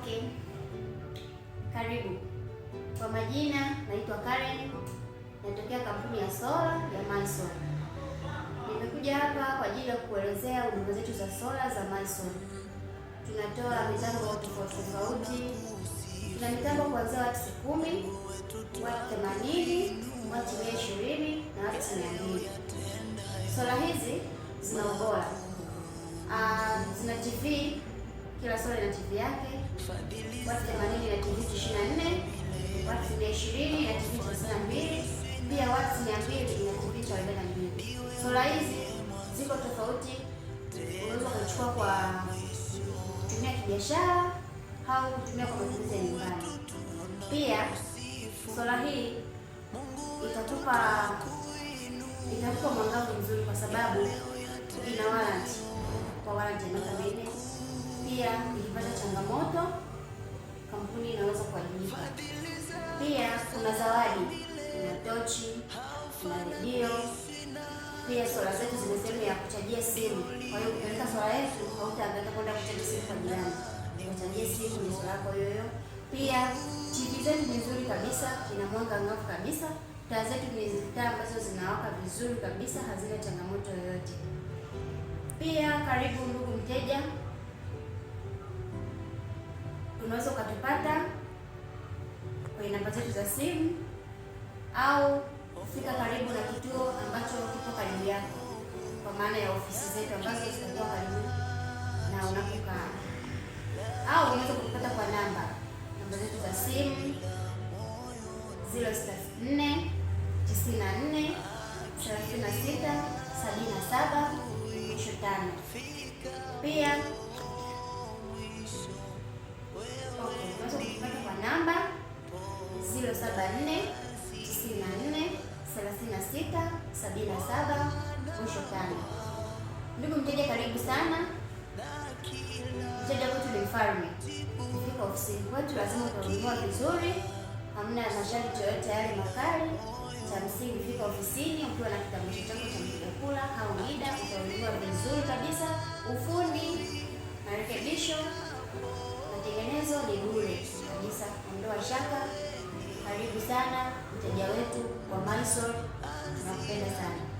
Okay, karibu. Kwa majina naitwa Karen, natokea kampuni ya sola ya Malson. Nimekuja hapa kwa ajili ya kuelezea huduma zetu za sola za Malson. Tunatoa mitambo tofauti tofauti. Tuna mitambo kuanzia watu kumi, watu themanini, watu mia ishirini na watu mia mbili. Sola hizi zina ubora, ah, zina TV kila swali ina TV yake, watu 80 na TV wati watu 120 na TV mbili, pia watu mbili na TV 44. Sola hizi ziko tofauti, unaweza kuchukua kwa kutumia kibiashara au kutumia kwa matumizi ya nyumbani. Pia sola hii itatupa itatupa mwangavu mzuri, kwa sababu ina warranty kwa warranty ya miaka minne pia ikipata changamoto kampuni inaweza kuajiriwa. Pia kuna zawadi, kuna tochi, kuna redio. Pia sola zetu zina sehemu ya kuchajia simu, kwa hiyo ukiweka sola yetu hautaangaika kwenda kuchaji simu kwa jirani, kuchajia simu ni sola yako yoyo. Pia TV zetu ni nzuri kabisa, ina mwanga ng'afu kabisa. Taa zetu ni taa ambazo zinawaka vizuri kabisa, hazina changamoto yoyote. Pia karibu ndugu mteja unaweza ukatupata kwenye namba zetu za simu au fika karibu na kituo ambacho kipo karibu yako, kwa maana ya ofisi zetu ambazo zitakuwa karibu na unapokaa, au unaweza kutupata kwa namba namba zetu za simu 064 94 36 77 Pia 44 94 36 77 Ndugu mteja, karibu sana. Mteja wetu ni mfalme. Ukifika ofisini kwetu lazima utahudumiwa vizuri, hamna masharti yoyote yale makali. Cha msingi, fika ofisini ukiwa na kitambulisho chako cha mpiga kura au NIDA, utahudumiwa vizuri kabisa. Ufundi, marekebisho, matengenezo ni bure kabisa, ondoa shaka. Karibu sana mteja wetu wa Marisol, tunakupenda sana.